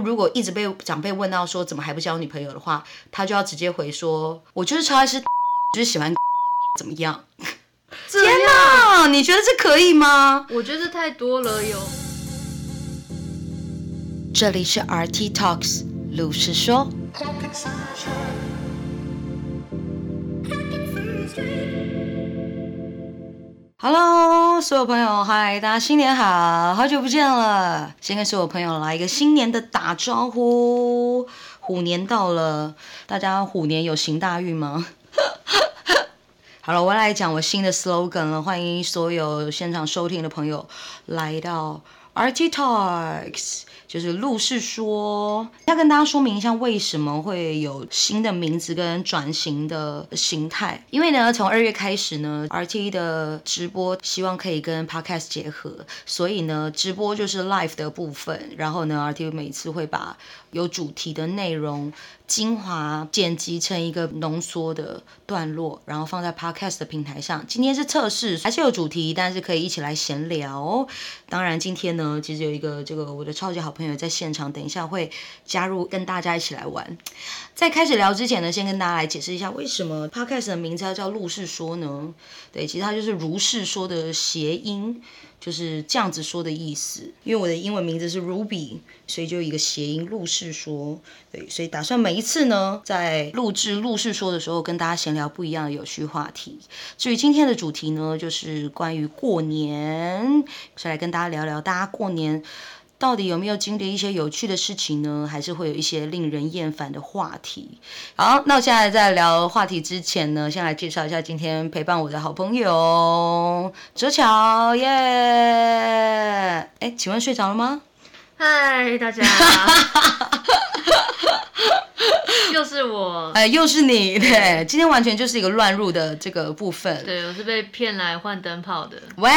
如果一直被長輩問到說怎麼還不交女朋友的話，他就要直接回說，我就是超愛是，就是喜歡 X, 怎麼樣天天？天哪，你覺得這可以嗎？我覺得太多了喲。這裡是 RT Talks，露是說。Hello，所有朋友，嗨，大家新年好，好久不見了。先跟所有朋友來一個新年的打招呼，虎年到了，大家虎年有行大運嗎？ 好了，我來講我新的 slogan 了，歡迎所有現場收聽的朋友來到 RT Talks。就是露是說要跟大家說明一下為什麼會有新的名字跟轉型的形態，因為呢，從二月開始呢，RT 的直播希望可以跟 Podcast 結合，所以呢，直播就是 Live 的部分，然後呢，RT 每次會把。有主題的內容精華剪輯成一個濃縮的段落，然後放在 Podcast 的平台上。今天是測試，還是有主題，但是可以一起來閒聊。當然，今天呢，其實有一個這個我的超級好朋友在現場，等一下會加入跟大家一起來玩。在開始聊之前呢，先跟大家來解釋一下為什麼 Podcast 的名字要叫“露是說”呢？對，其實它就是“如是說”的諧音。就是這樣子說的意思，因為我的英文名字是 Ruby，所以就有一個諧音露是說，對，所以打算每一次呢，在錄製露是說的時候，跟大家閒聊不一樣的有趣話題。至於今天的主題呢，就是關於過年，是來跟大家聊聊大家過年。到底有沒有經歷一些有趣的事情呢？還是會有一些令人厭煩的話題？好，那我現在在聊話題之前呢，先來介紹一下今天陪伴我的好朋友哲巧耶。哎、yeah! 欸，請問睡着了嗎？嗨，大家， 又是我，哎、呃，又是你，對，今天完全就是一個亂入的這個部分。對，我是被騙來換燈泡的。喂，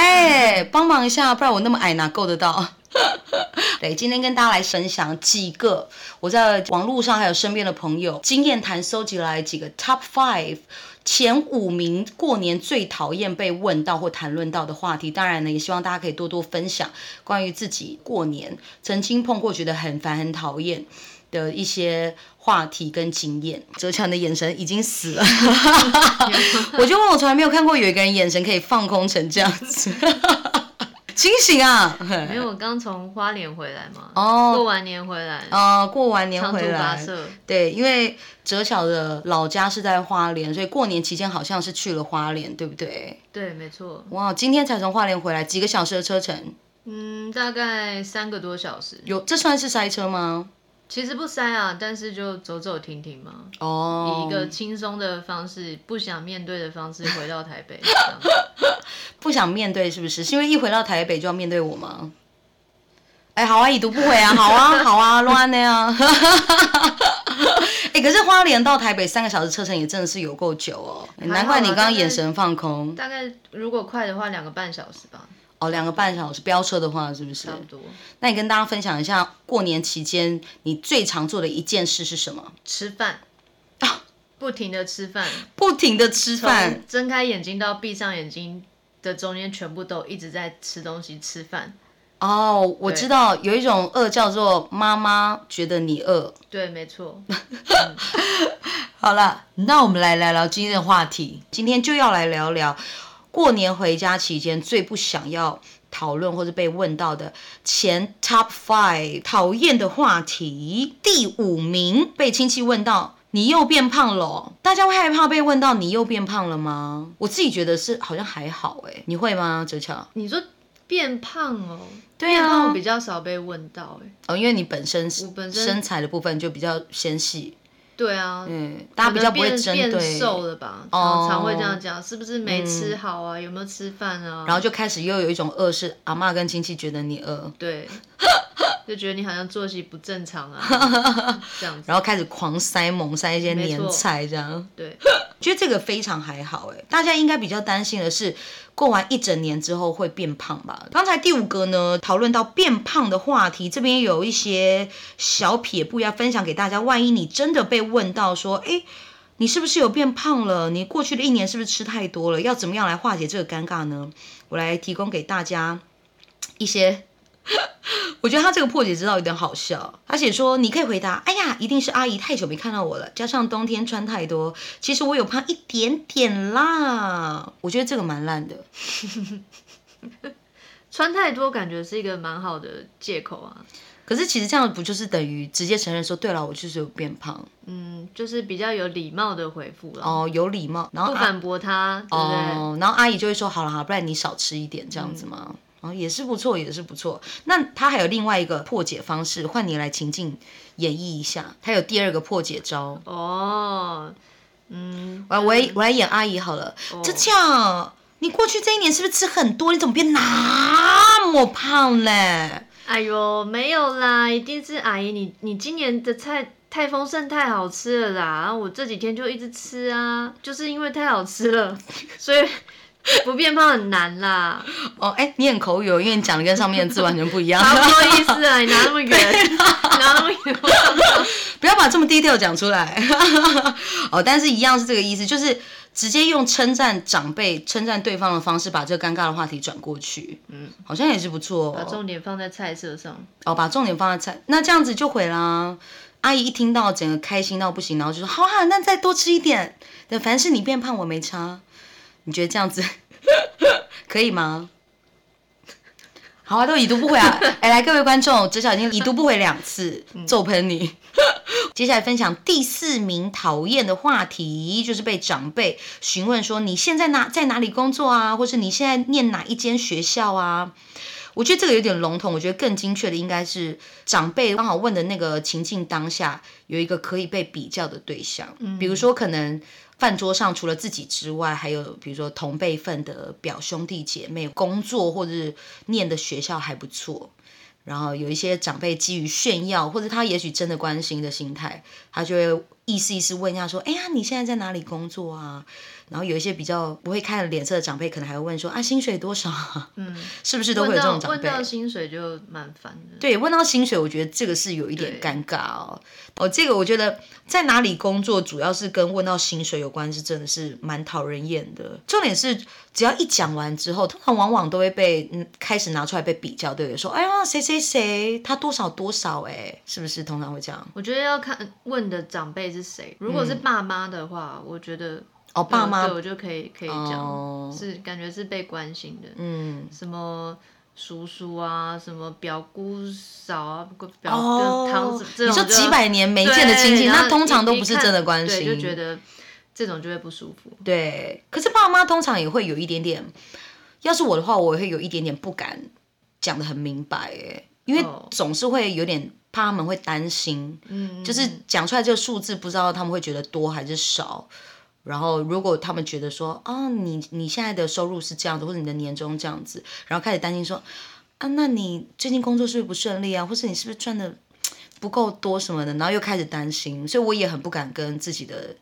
嗯、幫忙一下，不然我那麼矮哪夠得到？ 對，今天跟大家來分享幾個我在網絡上還有身邊的朋友經驗談收集來幾個 top five 前五名過年最討厭被問到或談論到的話題。當然呢，也希望大家可以多多分享關於自己過年曾經碰過覺得很煩很討厭的一些話題跟經驗。哲巧的眼神已經死了， 我就問我從來沒有看過有一個人眼神可以放空成這樣子。 清醒啊！ 因為我剛從花蓮回來嘛，哦、oh,，過完年回來，呃、oh,，過完年回來長途跋涉，對，因為哲巧的老家是在花蓮，所以過年期間好像是去了花蓮，對不對？對，沒錯。哇、wow,，今天才從花蓮回來，幾個小時的車程，嗯，大概三個多小時。有，這算是塞車嗎？其實不塞啊，但是就走走停停嘛。哦、oh.，以一個輕鬆的方式，不想面對的方式回到台北。 不想面對是不是？是因為一回到台北就要面對我嗎？哎、欸，好啊，已讀不回啊，好啊，好啊，亂的呀。哎、 欸，可是花蓮到台北三個小時車程也真的是有夠久哦、啊，難怪你剛剛眼神放空。大概如果快的話，兩個半小時吧。哦，兩個半小時飆車的話，是不是差不多？那你跟大家分享一下，過年期間你最常做的一件事是什麼？吃飯，啊、不停的吃飯，不停的吃飯，睜開眼睛到閉上眼睛的中間，全部都一直在吃東西，吃飯。哦，我知道有一種餓叫做媽媽覺得你餓。對，沒錯。 嗯、 好了，那我們來聊聊今天的話題，今天就要來聊聊。過年回家期間最不想要討論或者被問到的前 top five 討厭的話題。第五名，被親戚問到你又變胖了，大家會害怕被問到你又變胖了嗎？我自己覺得是好像還好誒、欸、你會嗎？哲巧，你說變胖哦、喔，對啊，我比較少被問到誒、欸啊、哦，因為你本身本身身材的部分就比較纖細。對啊，嗯，大家比較不會針對變變瘦了吧，哦？常常會這樣講，是不是沒吃好啊？嗯、有沒有吃飯啊？然後就開始又有一種餓是阿嬤跟親戚覺得你餓，對， 就覺得你好像作息不正常啊， 然後開始狂塞猛塞一些年菜這樣，對。我覺得這個非常還好誒，大家應該比較擔心的是，過完一整年之後會變胖吧？剛才第五個呢，討論到變胖的話題，這邊有一些小撇步要分享給大家。萬一你真的被問到說，哎，你是不是有變胖了？你過去的一年是不是吃太多了？要怎麼樣來化解這個尷尬呢？我來提供給大家一些。 我覺得他這個破解之道有點好笑，而且說你可以回答，哎呀，一定是阿姨太久沒看到我了，加上冬天穿太多，其實我有胖一點點啦。我覺得這個蠻爛的， 穿太多感覺是一個蠻好的借口啊。可是其實這樣不就是等於直接承認說，對了，我就是有變胖。嗯，就是比較有禮貌的回復了、啊。哦，有禮貌，然後、啊、不反駁他，對不對？哦，然後阿姨就會說，好了好，不然你少吃一點這樣子嗎？嗯也是不錯，也是不錯。那他還有另外一個破解方式，換你來情境演繹一下。他有第二個破解招哦，嗯，我我我來演阿姨好了。嗯、哲巧、哦、你過去這一年是不是吃很多？你怎麼變那麼胖嘞？哎呦，沒有啦，一定是阿姨你你今年的菜太豐盛、太好吃了啦。我這幾天就一直吃啊，就是因為太好吃了，所以。 不變胖很難啦。哦，哎、欸，你很口語、哦，因為你講的跟上面的字完全不一樣。不 好意思啊，你拿那麼遠，你拿那麼遠， 不要把這麼低調講出來。 哦，但是一樣是這個意思，就是直接用稱讚長輩、稱讚對方的方式，把這個尷尬的話題轉過去。嗯，好像也是不錯、哦、把重點放在菜色上。哦，把重點放在菜，嗯、那這樣子就毀啦。阿姨一聽到，整個開心到不行，然後就說：“好啊，那再多吃一點。但凡是你變胖，我沒差。”你覺得這樣子可以嗎？好啊，都已讀不回啊！哎、 欸，來，各位觀眾，至少已經已讀不回兩次，揍 噴陪你！ 接下來分享第四名討厭的話題，就是被長輩詢問說你現在哪在哪裡工作啊，或是你現在念哪一間學校啊？我覺得這個有點籠統，我覺得更精確的應該是長輩剛好問的那個情境當下有一個可以被比較的對象，嗯、比如說可能。飯桌上除了自己之外，還有比如說同輩份的表兄弟姐妹，工作或者是念的學校還不錯，然後有一些長輩基於炫耀或者他也許真的關心的心態，他就會意思意思問一下說：“哎呀，你現在在哪裡工作啊？”然後有一些比較不會看臉色的長輩，可能還會問說，啊，薪水多少啊？嗯，是不是都會有這種長輩？問到薪水就蠻煩的。對，問到薪水，我覺得這個是有一點尷尬哦。哦，這個我覺得在哪裡工作，主要是跟問到薪水有關，是真的是蠻討人厭的。重點是，只要一講完之後，通常往往都會被嗯開始拿出來被比較，對不對？說哎呀，誰誰誰他多少多少哎，是不是通常會這樣？我覺得要看問的長輩是誰？如果是爸媽的話，嗯，我覺得。哦、oh，爸媽，對，我就可以可以講，哦、是感覺是被關心的，嗯，什麼叔叔啊，什麼表姑嫂啊，表哥堂子，你說幾百年沒見的親戚，他通常都不是真的關心。對，就覺得這種就會不舒服。對，可是爸媽通常也會有一點點，要是我的話，我也會有一點點不敢講得很明白，哎，因為總是會有點怕他們會擔心，嗯，就是講出來這個數字，不知道他們會覺得多還是少。然後，如果他們覺得說，啊、哦，你你現在的收入是這樣子，或者你的年終這樣子，然後開始擔心說，啊，那你最近工作是不是不順利啊，或者你是不是賺的不夠多什麼的，然後又開始擔心，所以我也很不敢跟自己的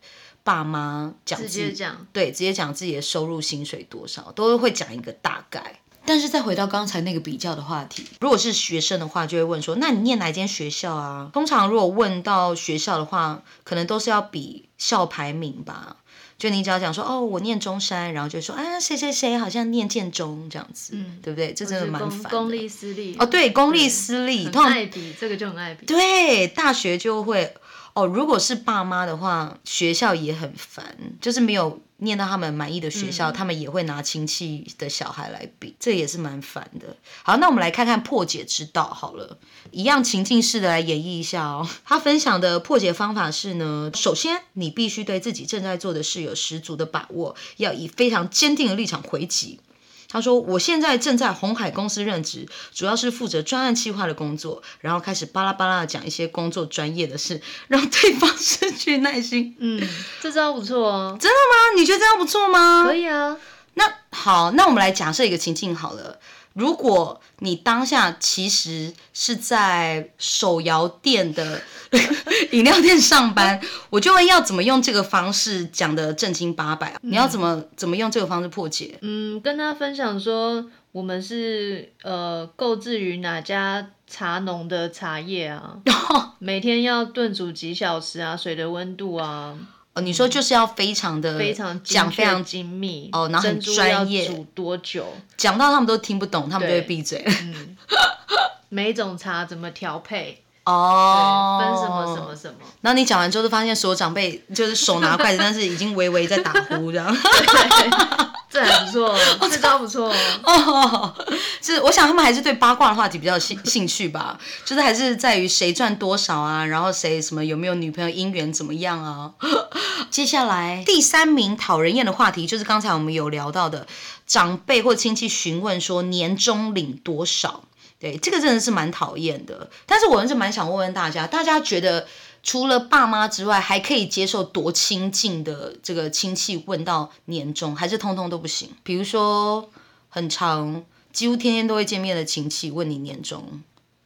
爸媽講，直接講，對，直接講自己的收入、薪水多少，都會講一個大概。但是再回到剛才那個比較的話題，如果是學生的話，就會問說，那你念哪一間學校啊？通常如果問到學校的話，可能都是要比校排名吧。就你只要講說哦，我念中山，然後就說啊，誰誰誰好像念建中這樣子，嗯，對不對？這真的蠻煩。公立私立哦，對，公立私立，很愛比，這個就很愛比。對，大學就會哦，如果是爸媽的話，學校也很煩，就是沒有。念到他們滿意的學校，嗯，他們也會拿親戚的小孩來比，這也是蠻煩的。好，那我們來看看破解之道好了。一樣情境式的來演繹一下哦。他分享的破解方法是呢，首先你必須對自己正在做的事有十足的把握，要以非常堅定的立場回擊。他說：“我現在正在鴻海公司任職，主要是負責專案計劃的工作。”然後開始巴拉巴拉的講一些工作專業的事，讓對方失去耐心。嗯，這招不錯哦。真的嗎？你覺得這樣不錯嗎？可以啊。那好，那我們來假設一個情境好了。如果你當下其實是在手搖店的飲料店上班， 我就問要怎麼用這個方式講得正經八百啊？你要怎麼怎麼用這個方式破解？嗯，跟他分享說我們是呃購置於哪家茶農的茶葉啊？ 每天要燉煮幾小時啊？水的溫度啊？哦，你說就是要非常的講、嗯、非常確精密、非常哦，然後很專業。煮多久？講到他們都聽不懂，他們就會閉嘴。嗯、 每種茶怎麼調配？哦，分什麼什麼什麼。那你講完之後，就發現所有長輩就是手拿筷子， 但是已經微微在打呼這樣。 這還不錯，這超不錯 哦！哦、就，是我想他們還是對八卦的話題比較興興趣吧， 就是還是在於誰賺多少啊，然後誰什麼有沒有女朋友姻緣怎麼樣啊。 接下來第三名討人厭的話題就是剛才我們有聊到的，長輩或親戚詢問說年終領多少，對，這個真的是蠻討厭的。但是我還是蠻想問問大家，大家覺得？除了爸媽之外，還可以接受多親近的這個親戚問到年終，還是通通都不行？比如說很常，幾乎天天都會見面的親戚問你年終，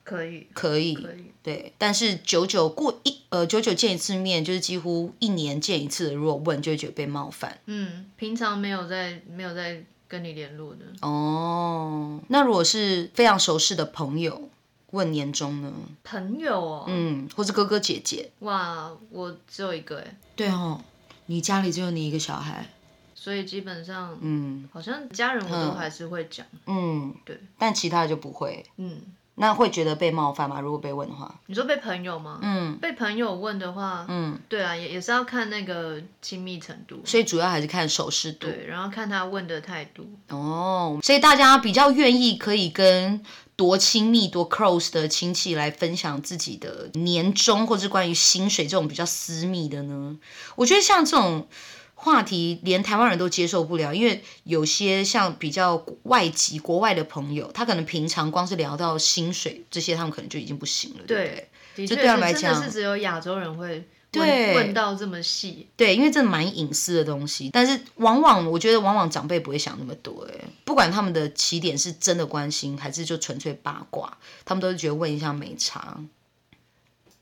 可以，可以，可以，對。但是久久過一呃，久久見一次面，就是幾乎一年見一次的，如果問就會覺得被冒犯。嗯，平常沒有在沒有在跟你聯絡的哦。那如果是非常熟識的朋友。問年終呢？朋友哦，嗯，或是哥哥姐姐。哇，我只有一個哎、欸。對哦，你家裡只有你一個小孩，所以基本上，嗯，好像家人我都還是會講，嗯，對，但其他的就不會，嗯，那會覺得被冒犯嗎？如果被問的話，你說被朋友嗎？嗯，被朋友問的話，嗯，對啊，也也是要看那個親密程度，所以主要還是看熟識度，對，然後看他問的態度。哦，所以大家比較願意可以跟。多親密、多 close 的親戚來分享自己的年終，或是關於薪水這種比較私密的呢？我覺得像這種話題，連台灣人都接受不了，因為有些像比較外籍、國外的朋友，他可能平常光是聊到薪水這些，他們可能就已經不行了。對，對，對，就對他們來講，真的是只有亞洲人會。問,問到這麼細，對，因為這蠻隱私的東西，但是往往我覺得往往長輩不會想那麼多，欸，不管他們的起點是真的關心還是就純粹八卦，他們都是覺得問一下沒差。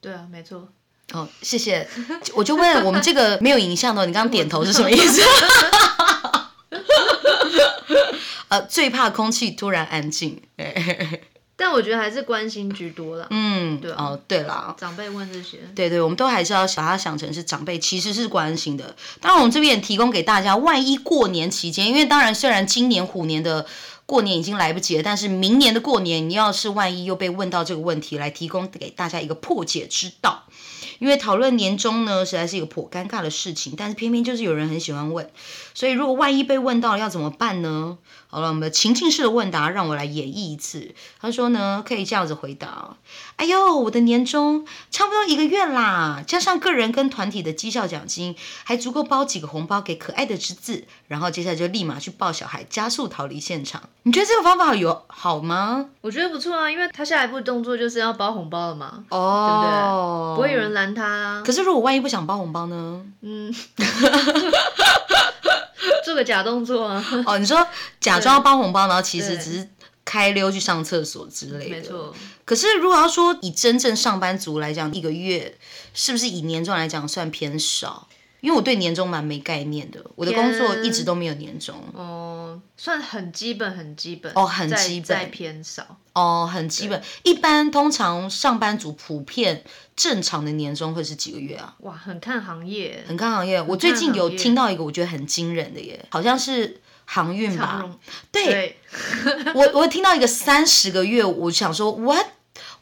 對啊，沒錯。好，哦，謝謝。我就問我們這個沒有影像的，你剛剛點頭是什麼意思？ 呃，最怕空氣突然安靜。但我覺得還是關心居多了，嗯，對、啊、哦，對啦，長輩問這些，對對，我們都還是要把它想成是長輩，其實是關心的。當然，我們這邊也提供給大家，萬一過年期間，因為當然雖然今年虎年的過年已經來不及了，但是明年的過年，你要是萬一又被問到這個問題，來提供給大家一個破解之道。因為討論年終呢，實在是一個頗尷尬的事情，但是偏偏就是有人很喜歡問。所以，如果萬一被問到了要怎麼辦呢？好了，我們情境式的問答，讓我來演繹一次。他說呢，可以這樣子回答：哎呦，我的年終差不多一個月啦，加上個人跟團體的績效獎金，還足夠包幾個紅包給可愛的侄子。然後接下來就立馬去抱小孩，加速逃離現場。你覺得這個方法有好嗎？我覺得不錯啊，因為他下一步動作就是要包紅包了嘛，oh, 對不對？不會有人攔他啊。可是，如果萬一不想包紅包呢？嗯。 做個假動作啊！哦，你說假裝要包紅包，包，然後其實只是開溜去上廁所之類的。沒錯。可是如果要說以真正上班族來講，一個月是不是以年終來講算偏少？因為我對年終蠻沒概念的，我的工作一直都沒有年終。哦算很基本，很基本哦，很基本，偏少哦，很基本。Oh, 很基本，一般通常上班族普遍正常的年終會是幾個月啊？哇，很看行業，很看行業。我最近有聽到一個我覺得很驚人的耶，行好像是航運吧？對，對 我我聽到一個三十個月，我想說 what？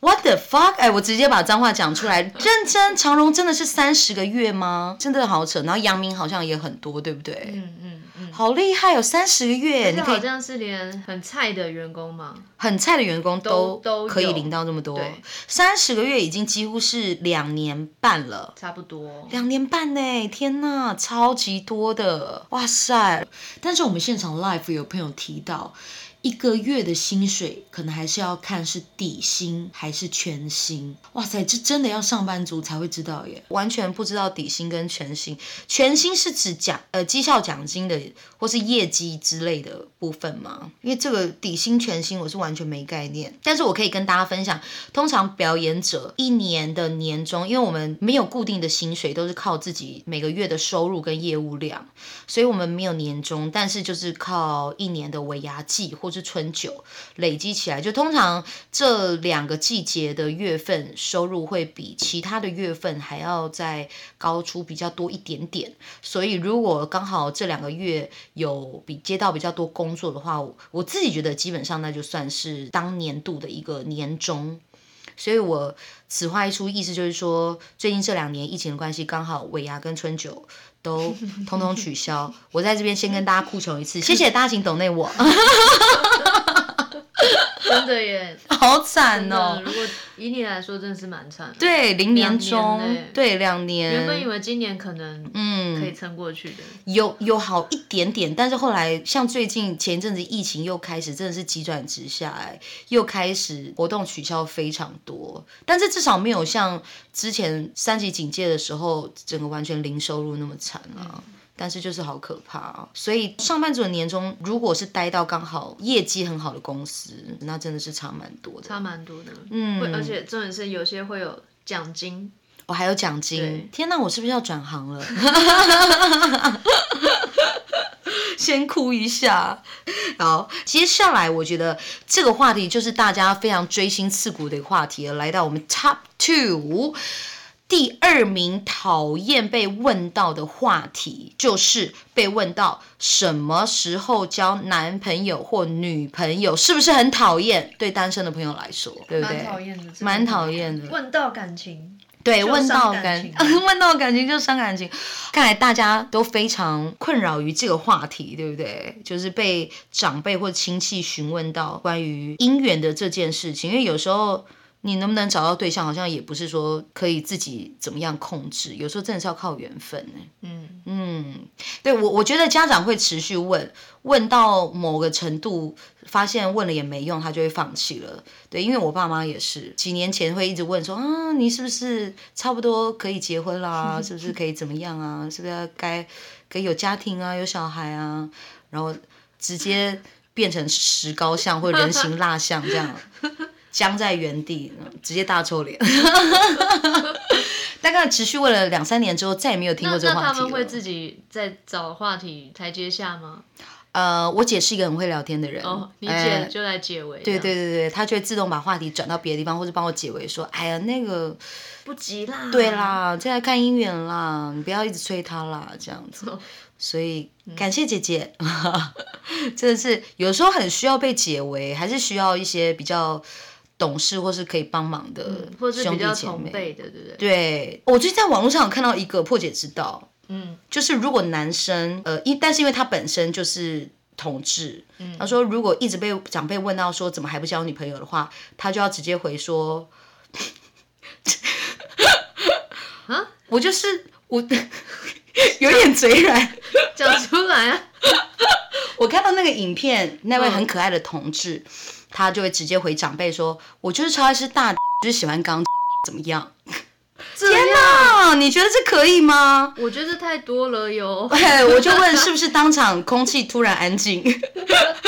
What the fuck！哎、欸，我直接把髒話講出來。認真，長榮真的是三十個月嗎？真的好扯。然後陽明好像也很多，對不對？嗯嗯，嗯好厲害、哦，有三十個月。你好像是連很菜的員工嗎？很菜的員工都都，都可以領到這麼多。三十個月已經幾乎是兩年半了，差不多。兩年半呢？天哪，超級多的，哇塞！但是我們現場 live 有朋友提到。一個月的薪水可能還是要看是底薪還是全薪。哇塞，這真的要上班族才會知道耶！完全不知道底薪跟全薪。全薪是指獎呃績效獎金的或是業績之類的部分嗎？因為這個底薪全薪我是完全沒概念。但是我可以跟大家分享，通常表演者一年的年終，因為我們沒有固定的薪水，都是靠自己每個月的收入跟業務量，所以我們沒有年終，但是就是靠一年的尾牙季或是春酒累積起來，就通常這兩個季節的月份收入會比其他的月份還要再高出比較多一點點。所以如果剛好這兩個月有比接到比較多工作的話我，我自己覺得基本上那就算是當年度的一個年終。所以我此話一出，意思就是說，最近這兩年疫情的關係，剛好尾牙跟春酒。都統統取消！我在這邊先跟大家哭窮一次，謝謝大家請抖內我。 真的耶，好慘哦，真的假的！如果以你來說，真的是蠻慘。對，零年中對兩年。原本以為今年可能嗯，可以撐過去的，嗯、有有好一點點，但是後來像最近前一陣子疫情又開始，真的是急轉直下來，又開始活動取消非常多。但是至少沒有像之前三級警戒的時候，整個完全零收入那麼慘啊。嗯但是就是好可怕，所以上班族的年終，如果是待到剛好業績很好的公司，那真的是差蠻多的。差蠻多的，嗯。而且重點是有些會有獎金，我、哦、還有獎金。天哪，我是不是要轉行了？ 先哭一下。好，接下來我覺得這個話題就是大家非常錐心刺骨的一個話題了。來到我們 Top Two。第二名討厭被問到的話題，就是被問到什麼時候交男朋友或女朋友，是不是很討厭？對單身的朋友來說，對不對？蠻討厭的，這個、蠻討厭的。問到感情，對，問到感情。問到感情就傷感情。看來大家都非常困擾於這個話題，對不對？就是被長輩或親戚詢問到關於姻緣的這件事情，因為有時候。你能不能找到對象，好像也不是說可以自己怎麼樣控制，有時候真的是要靠緣分呢。嗯嗯，對我我覺得家長會持續問問到某個程度，發現問了也沒用，他就會放棄了。對，因為我爸媽也是幾年前會一直問說，啊，你是不是差不多可以結婚啦，啊？ 是不是可以怎麼樣啊？是不是該可以有家庭啊，有小孩啊？然後直接變成石膏像或人形蠟像這樣。 僵在原地、嗯，直接大臭臉，大 概持續為了兩三年之後，再也沒有聽過這個話題了。那他們會自己在找話題台階下嗎？呃，我姐是一個很會聊天的人，哦，你姐、呃、就來解圍。對對對，她就會自動把話題轉到別的地方，或者幫我解圍，說：“哎呀，那個不急啦，對啦，就在看姻緣啦，你不要一直催他啦，這樣子。”所以感謝姐姐， 真的是有的時候很需要被解圍，還是需要一些比較。懂事或是可以幫忙的兄弟姐妹，嗯、或是比較同輩的，對不對？對，我最近在網絡上有看到一個破解之道，嗯，就是如果男生，呃，因但是因為他本身就是同志，嗯，他說如果一直被長輩問到說怎麼還不交女朋友的話，他就要直接回說， 啊、我就是我 有點嘴軟，講出來啊，我看到那個影片，那位很可愛的同志。他就會直接回長輩說：“我就是超愛吃大的，就是喜歡鋼，怎麼樣？天？”天哪，你覺得這可以嗎？我覺得這太多了喲、哎。我就問，是不是當場空氣突然安靜、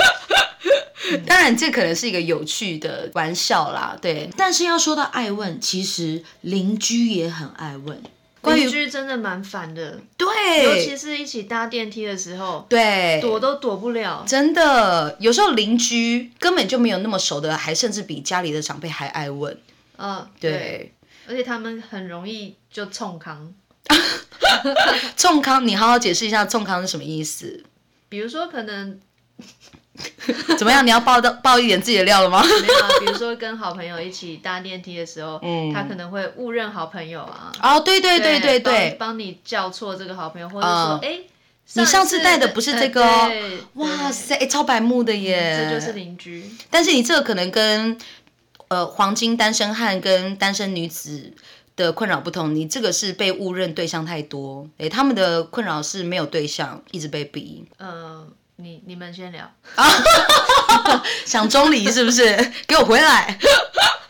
嗯？當然，這可能是一個有趣的玩笑啦。對，但是要說到愛問，其實鄰居也很愛問。鄰居真的蠻煩的，對，尤其是一起搭電梯的時候，對，躲都躲不了。真的，有時候鄰居根本就沒有那麼熟的，還甚至比家裡的長輩還愛問，呃，對。對，而且他們很容易就衝康，衝 康，你好好解釋一下衝康是什麼意思？比如說，可能。 怎麼樣？你要爆到爆一點自己的料了嗎？ 沒有、啊，比如說跟好朋友一起搭電梯的時候、嗯，他可能會誤認好朋友啊。哦，對對對對對，對幫、幫你叫錯這個好朋友，或者說，哎、呃，你上次帶的不是這個、哦呃？哇塞對對對，超白目的耶、嗯！這就是鄰居。但是你這個可能跟呃黃金單身漢跟單身女子的困擾不同，你這個是被誤認對象太多，哎，他們的困擾是沒有對象，一直被比。嗯、呃。你你們先聊啊！ 想中離是不是？給我回來！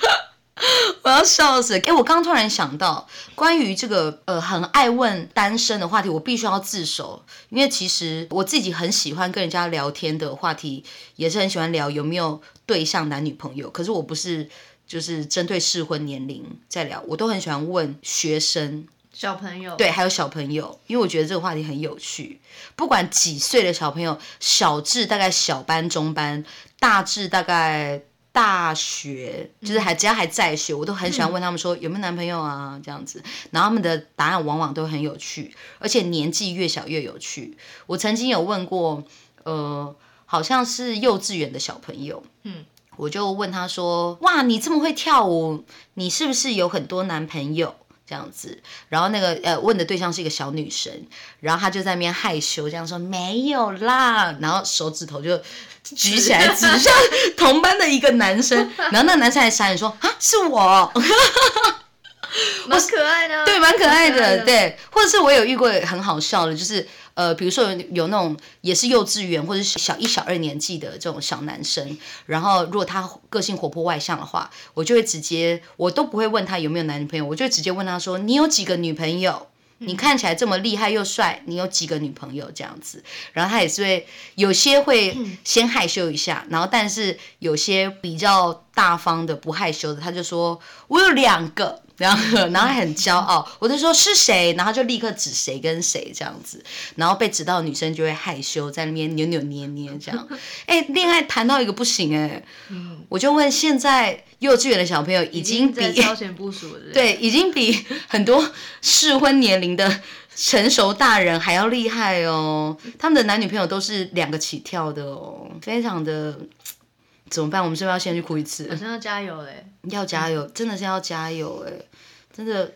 我要笑死！哎、欸，我剛突然想到，關於這個呃很愛問單身的話題，我必須要自首，因為其實我自己很喜歡跟人家聊天的話題，也是很喜歡聊有沒有對象、男女朋友。可是我不是就是針對適婚年齡在聊，我都很喜歡問學生。小朋友對，還有小朋友，因為我覺得這個話題很有趣，不管幾歲的小朋友，小至大概小班、中班，大至大概大學，就是還，只要還在學，我都很喜歡問他們說、嗯、有沒有男朋友啊，這樣子，然後他們的答案往往都很有趣，而且年紀越小越有趣。我曾經有問過，呃，好像是幼稚園的小朋友，嗯，我就問他說，哇，你這麼會跳舞，你是不是有很多男朋友？這樣子，然後那個呃問的對象是一個小女生，然後她就在那邊害羞，這樣說 沒有啦，然後手指頭就舉起來指向同班的一個男生， 然後那男生還傻眼說啊 是我，蠻 可愛的，對，蠻可、可愛的，對，或者是我有遇過很好笑的，就是。呃，比如說有，有那種也是幼稚園或者是小一小二年級的這種小男生，然後如果他個性活潑外向的話，我就會直接，我都不會問他有沒有男女朋友，我就直接問他說：“你有幾個女朋友？你看起來這麼厲害又帥，你有幾個女朋友？”這樣子，然後他也是會有些會先害羞一下，然後但是有些比較大方的不害羞的，他就說我有兩個。然後，然後還很驕傲，我就說是誰，然後就立刻指誰跟誰這樣子，然後被指到女生就會害羞，在那邊扭扭捏捏捏這樣。哎，戀愛談到一個不行哎，欸，嗯，我就問，現在幼稚園的小朋友已經比，已經在超前部署了是不是？對，已經比很多適婚年齡的成熟大人還要厲害哦，他們的男女朋友都是兩個起跳的哦，非常的。怎麼辦？我們是不是要先去哭一次。我是要加油誒、欸、要加油，真的是要加油誒、欸。真的，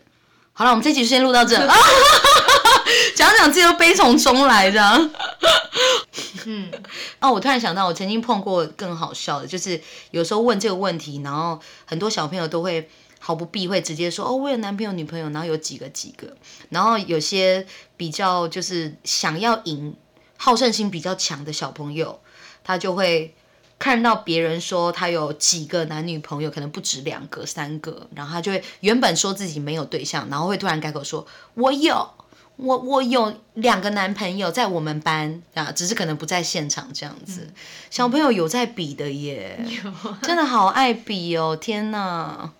好了，我們這一集就先錄到這。講 講、啊、 自己都悲從中來的。 嗯，哦、啊，我突然想到，我曾經碰過更好笑的，就是有時候問這個問題，然後很多小朋友都會毫不避諱，直接說：“哦，我有男朋友、女朋友，然後有幾個、幾個。”然後有些比較就是想要贏、好勝心比較強的小朋友，他就會。看到別人說他有幾個男女朋友，可能不止兩個、三個，然後他就會原本說自己沒有對象，然後會突然改口說：“我有，我我有兩個男朋友在我們班啊，只是可能不在現場這樣子。嗯”小朋友有在比的耶，真的好愛比哦！天哪，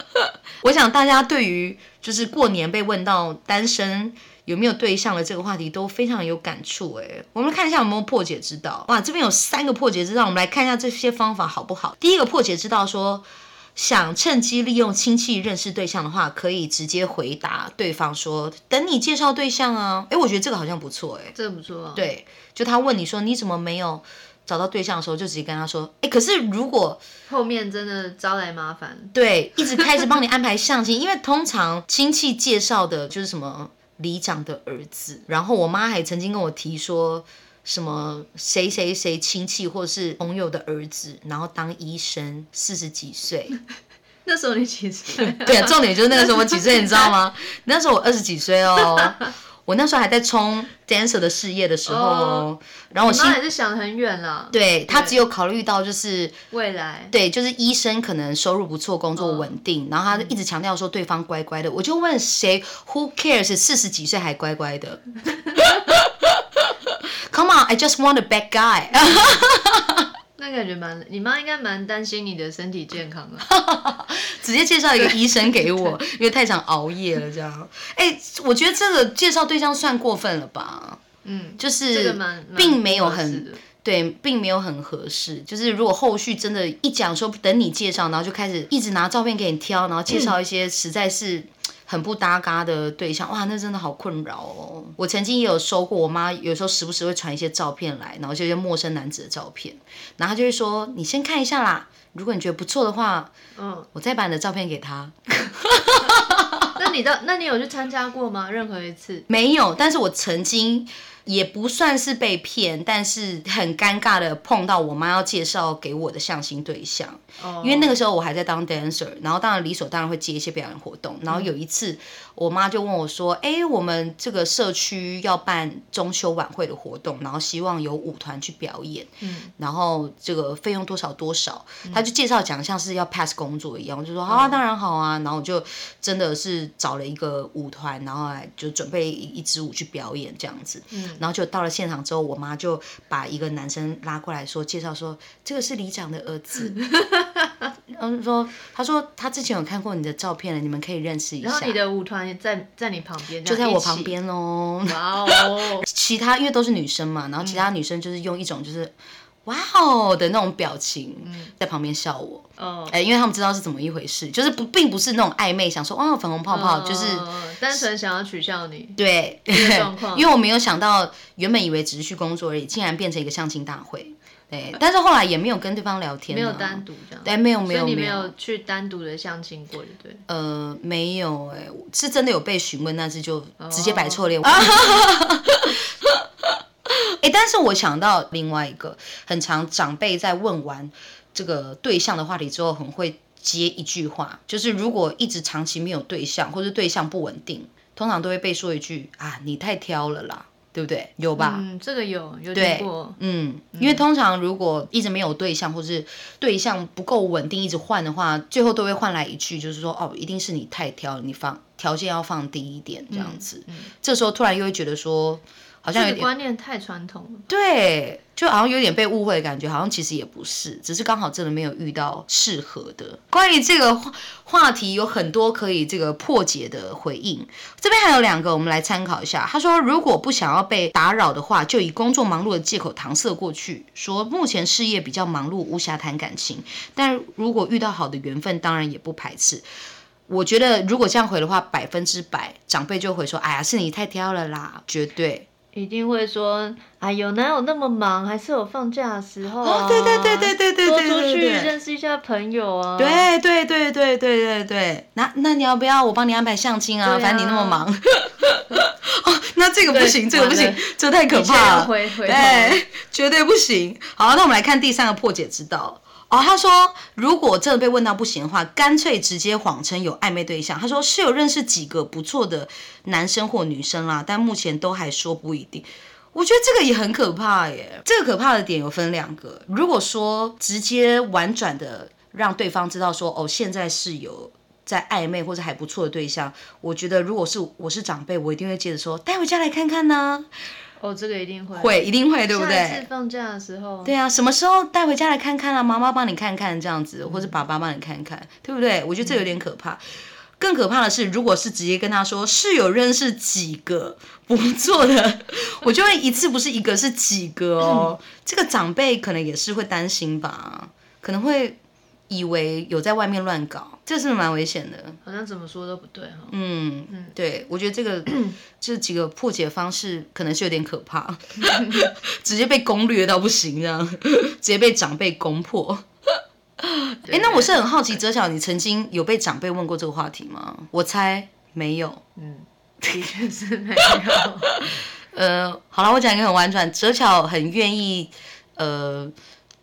我想大家對於就是過年被問到單身。有沒有對象的這個話題都非常有感觸欸？我們看一下有沒有破解之道。哇，這邊有三個破解之道，我們來看一下這些方法好不好？第一個破解之道說，想趁機利用親戚認識對象的話，可以直接回答對方說，等你介紹對象啊。欸，我覺得這個好像不錯欸，這個不錯啊。對，就他問你說你怎麼沒有找到對象的時候，就直接跟他說，欸，可是如果後面真的招來麻煩，對，一直開始幫你安排相親， 因為通常親戚介紹的就是什麼。里長的兒子，然後我媽還曾經跟我提說，什麼誰誰誰親戚或是朋友的兒子，然後當醫生四十幾歲，那時候你幾歲啊？對啊，重點就是那個時候我幾歲， 你知道嗎？那時候我二十幾歲哦。 我那時候還在衝 dancer 的事業的時候，oh, 然後我媽還是想得很遠了。對，對他只有考慮到就是未來，對，就是醫生可能收入不錯，工作穩定。Oh. 然後他就一直強調說對方乖乖的。我就問誰 ，Who cares？四十幾歲還乖乖的 ？Come on，I just want a bad guy。 那感覺蠻，你媽應該蠻擔心你的身體健康了，啊。 直接介紹一個醫生給我， 因為太常熬夜了，這樣。哎、欸，我覺得這個介紹對象算過分了吧？嗯，就是並沒有很，這個，對，並沒有很合適。就是如果後續真的一講說等你介紹，然後就開始一直拿照片給你挑，然後介紹一些，實在是，嗯。很不搭嘎的對象，哇，那真的好困擾哦。我曾經也有收過，我媽有時候時不時會傳一些照片來，然後就一些陌生男子的照片，然後她就會說：“你先看一下啦，如果你覺得不錯的話，嗯，我再把你的照片給他。 ” 那你的，那你有去參加過嗎？任何一次？沒有，但是我曾經。也不算是被騙，但是很尷尬的碰到我媽要介紹給我的相親對象，Oh. 因為那個時候我還在當 dancer，然後當然理所當然會接一些表演活動。然後有一次，我媽就問我說：“哎、嗯欸，我們這個社區要辦中秋晚會的活動，然後希望有舞團去表演、嗯，然後這個費用多少多少，嗯、她就介紹講像是要 pass 工作一樣，我就說啊、嗯，當然好啊，然後我就真的是找了一個舞團，然後就準備一支舞去表演這樣子，嗯然後就到了現場之後，我媽就把一個男生拉過來說，介紹說這個是里長的兒子。 然後就說，他說她之前有看過你的照片了，你們可以認識一下。然後你的舞團也在在你旁邊，就在我旁邊嘍。哇哦，其他因為都是女生嘛，然後其他女生就是用一種就是。嗯哇、wow、哦的那種表情，嗯、在旁邊笑我，哎、哦欸，因為他們知道是怎麼一回事，就是不，並不是那種曖昧，想說哇、哦、粉紅泡泡，哦、就是單純想要取笑你，對，狀況，因為我沒有想到，原本以為只是去工作而已，竟然變成一個相親大會，對、哦，但是後來也沒有跟對方聊天，沒有單獨這樣，對，沒有你沒有沒有，去單獨的相親過，對不對？呃，沒有、欸，哎，是真的有被詢問，但是就直接擺臭臉。哦 但是我想到另外一個很常長輩在問完這個對象的話題之後，很會接一句話，就是如果一直長期沒有對象，或者對象不穩定，通常都會被說一句啊，你太挑了啦，對不對？有吧？嗯，這個有有聽過對，嗯，嗯，因為通常如果一直沒有對象，或是對象不夠穩定，一直換的話，最後都會換來一句，就是說哦，一定是你太挑了，你放條件要放低一點這樣子、嗯嗯。這時候突然又會覺得說，好像有點觀念太傳統了，對，就好像有點被誤會的感覺，好像其實也不是，只是剛好真的沒有遇到適合的。關於這個話題，有很多可以這個破解的回應。這邊還有兩個，我們來參考一下。他說：“如果不想要被打擾的話，就以工作忙碌的借口搪塞過去，說目前事業比較忙碌，無暇談感情。但如果遇到好的緣分，當然也不排斥。”我覺得如果這樣回的話，百分之百長輩就會說：“哎呀，是你太挑了啦，絕對。”一定會說，哎呦，哪有那麼忙？還是有放假的時候啊！哦，對對對對對對對對，多出去認識一下朋友啊。對對對對對對對對對對對對對對對對，那，那你要不要我幫你安排相親啊？對對對對對對對，反正你那麼忙。對對對對對對對哦，那對對對對這個不行，這個不行，對，這太可怕了。對對對對對對對對對，絕對不行。好，那我們來看第三個破解之道。哦，他說如果真的被問到不行的話，乾脆直接謊稱有曖昧對象。他說是有認識幾個不錯的男生或女生啦，但目前都還說不一定。我覺得這個也很可怕耶。這個可怕的點有分兩個，如果說直接婉轉的讓對方知道說，哦，現在是有在曖昧或者還不錯的對象，我覺得如果是我是長輩，我一定會接着說帶回家來看看呢、啊。哦，這個一定會會一定會，對不對？放假的時候，對啊，什麼時候帶回家來看看啊？媽媽幫你看看這樣子，嗯、或是爸爸幫你看看，對不對？我覺得這有點可怕、嗯。更可怕的是，如果是直接跟他說，室友認識幾個不錯的， 我就會一次，不是一個是幾個哦、嗯？這個長輩可能也是會擔心吧，可能會。以為有在外面亂搞，這是蠻危險的。好像怎麼說都不對哈、哦。嗯，嗯對，我覺得這個這 幾個破解方式可能是有點可怕， 直接被攻略到不行這樣，直接被長輩攻破。哎、 欸，那我是很好奇， 哲巧，你曾經有被長輩問過這個話題嗎？我猜沒有。嗯，的確是沒有。 呃，好了，我講一個很婉轉，哲巧很願意呃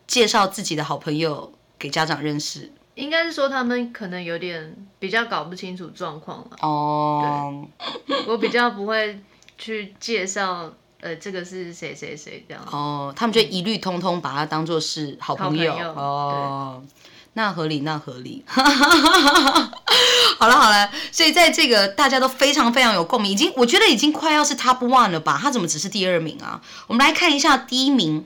介紹自己的好朋友，給家長認識，應該是說他們可能有點比較搞不清楚狀況了哦、oh。對，我比較不會去介紹，呃，這個是誰誰誰這樣。哦、oh，他們就一律通通把他當做是好朋友哦、oh。那合理，那合理。 好了好了，所以在這個大家都非常非常有共鳴，已經我覺得已經快要是 top one 了吧？他怎麼只是第二名啊？我們來看一下第一名。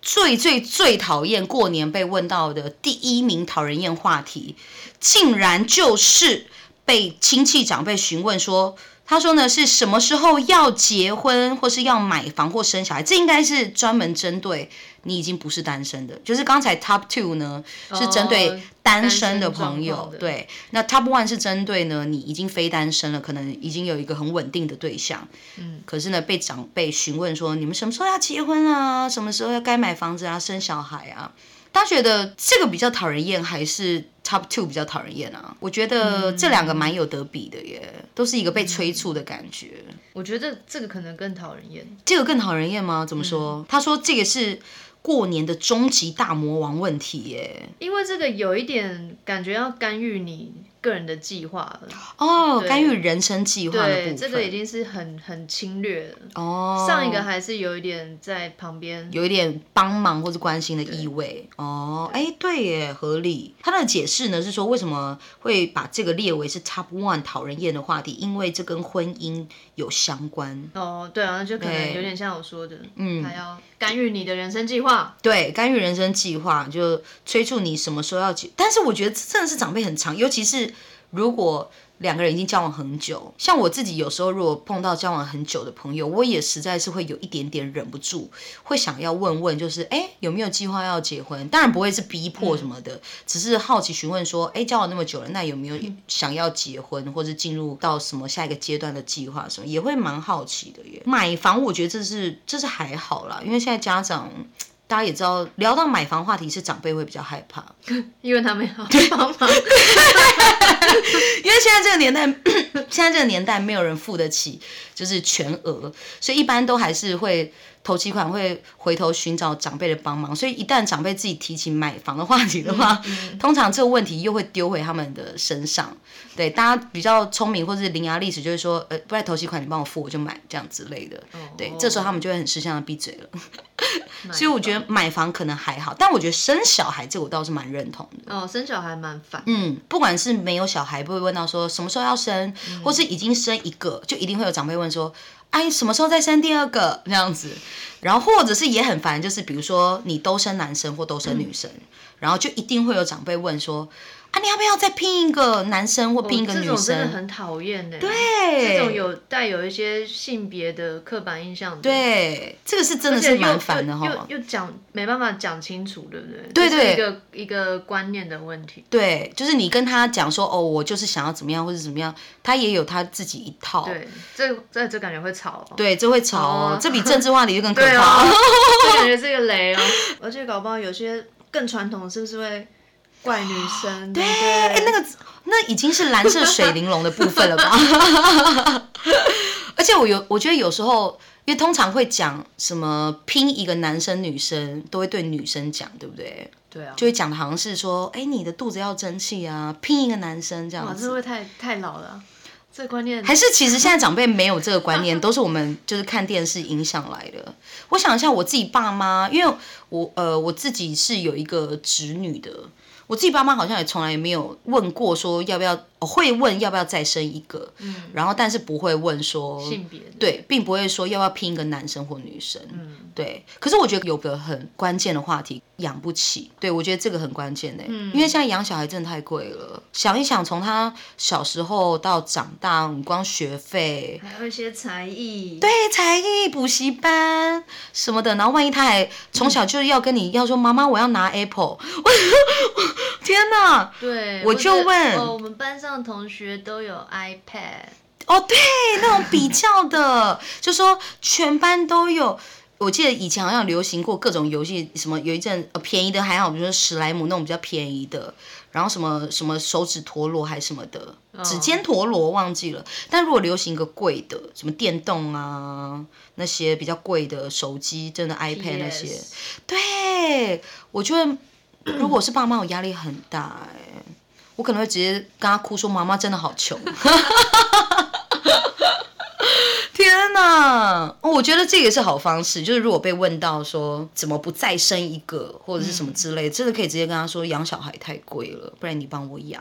最最最討厭過年被問到的第一名討人厭話題，竟然就是被親戚長輩詢問說。他說呢，是什麼時候要結婚，或是要買房或生小孩？這應該是專門針對你已經不是單身的。就是剛才 top two 呢，是針對單身的朋友，哦、對。那 top one 是針對呢，你已經非單身了，可能已經有一個很穩定的對象。嗯，可是呢，被長輩詢問說，你們什麼時候要結婚啊？什麼時候要該買房子啊？生小孩啊？他覺得這個比較討人厭，還是 top two 比較討人厭啊？我覺得這兩個蠻有得比的耶、嗯，都是一個被催促的感覺。我覺得這個可能更討人厭，這個更討人厭嗎？怎麼說？嗯、他說這個是過年的終極大魔王問題耶，因為這個有一點感覺要干預你。個人的計劃了哦，干預人生計劃的部分，這個已經是很很侵略了哦。上一個還是有一點在旁邊，有一點幫忙或者關心的意味哦。哎、欸，對耶，合理。他的解釋呢是說，為什麼會把這個列為是 top one 討人厭的話題，因為這跟婚姻有相關哦。對啊，那就可能有點像我說的，嗯，還要干預你的人生計劃。對，干預人生計劃，就催促你什麼時候要結。但是我覺得真的是長輩很長，尤其是。如果兩個人已經交往很久，像我自己有時候如果碰到交往很久的朋友，我也實在是會有一點點忍不住，會想要問問，就是哎有沒有計劃要結婚？當然不會是逼迫什麼的，嗯、只是好奇詢問說，哎交往那麼久了，那有沒有想要結婚或是進入到什麼下一個階段的計劃什麼，也會蠻好奇的耶。買房我覺得這是這是還好啦，因為現在家長。大家也知道，聊到買房話題是長輩會比較害怕，因為他們要幫忙 因為現在這個年代，現在這個年代沒有人付得起。就是全額，所以一般都還是會頭期款會回頭尋找長輩的幫忙。所以一旦長輩自己提起買房的話題的話，嗯嗯、通常這個問題又會丟回他們的身上。對，大家比較聰明或是伶牙俐齒，就是說，呃，不然頭期款你幫我付，我就買這樣之類的，哦。對，這時候他們就會很識相的閉嘴了。 所以我覺得買房可能還好，但我覺得生小孩這我倒是蠻認同的。哦，生小孩蠻煩。嗯，不管是沒有小孩，不會問到說什麼時候要生，嗯、或是已經生一個，就一定會有長輩問。說，哎，什麼時候再生第二個那樣子？然後或者是也很煩，就是比如說你都生男生或都生女生，嗯、然後就一定會有長輩問說。啊、你要不要再拼一個男生或拼一個女生？哦、真的很討厭的。對，這種有帶有一些性別的刻板印象。對，這個是真的是蠻煩的哈、哦。又講沒辦法講清楚，對不對？對，對，對、就是一個一個觀念的問題。對，就是你跟他講說哦，我就是想要怎麼樣或者怎麼樣，他也有他自己一套。對，這這感覺會吵、哦。對，這會吵、哦哦啊，這比政治話題就更可怕。我 對、哦、 感覺這個雷哦，而且搞不好有些更傳統的是不是會？怪女生、哦、對，哎，那個那已經是藍色水玲瓏的部分了吧？ 而且我有，我覺得有時候，因為通常會講什麼拼一個男生女生都會對女生講，對不對？對啊，就會講的，好像是說，哎，你的肚子要爭氣啊，拼一個男生這樣子，哇，這是太太老了，這個、觀念還是其實現在長輩沒有這個觀念， 都是我們就是看電視影響來的。我想一下，我自己爸媽，因為我呃我自己是有一個侄女的。我自己爸媽好像也從來沒有問過，說要不要。會問要不要再生一個，嗯、然後但是不會問說性別，對，並不會說要不要拼一個男生或女生，嗯、對。可是我覺得有個很關鍵的話題，養不起。對，我覺得這個很關鍵呢、嗯，因為現在養小孩真的太貴了。嗯、想一想，從他小時候到長大，光學費，還有一些才藝，對，才藝補習班什麼的。然後萬一他還從小就要跟你、嗯、要說媽媽我要拿 Apple， 我天哪！對，我就我問、哦，我們班上。上同學都有 iPad 哦，對，那種比較的， 就說全班都有。我記得以前好像流行過各種遊戲，什麼有一陣、呃、便宜的還好，比如說史萊姆那種比較便宜的，然後什麼什麼手指陀螺還什麼的，指尖陀螺忘記了。但如果流行一個貴的，什麼電動啊那些比較貴的手機，真的 iPad 那些，Yes. 對，我覺得如果是爸媽，我壓力很大哎、欸。我可能會直接跟他哭說：“媽媽真的好窮！” 天哪，我覺得這個是好方式。就是如果被問到說怎麼不再生一個或者是什麼之類，真的可以直接跟他說：“養小孩太貴了，不然你幫我養。”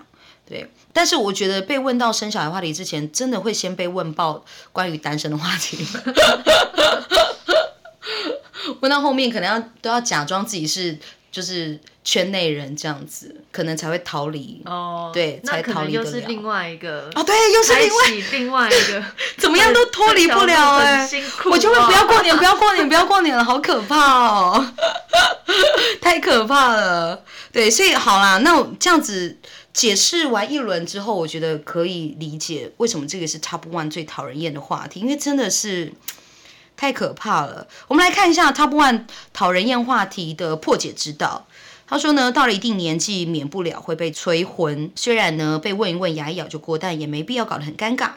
對。但是我覺得被問到生小孩話題之前，真的會先被問爆關於單身的話題。 問到後面可能要都要假裝自己是就是。圈內人這樣子，可能才會逃離哦。Oh, 對，才逃離得了。是另外一個哦，對，又是另外另外一個， 怎麼樣都脫離不了哎、欸。啊、我就會不要過年， 不要過年，不要過年了，好可怕哦， 太可怕了。對，所以好啦，那我這樣子解釋完一輪之後，我覺得可以理解為什麼這個是 Top One 最討人厭的話題，因為真的是太可怕了。我們來看一下 Top One 討人厭話題的破解之道。他說呢，到了一定年紀，免不了會被催婚。雖然呢，被問一問，牙一咬就過，但也沒必要搞得很尷尬。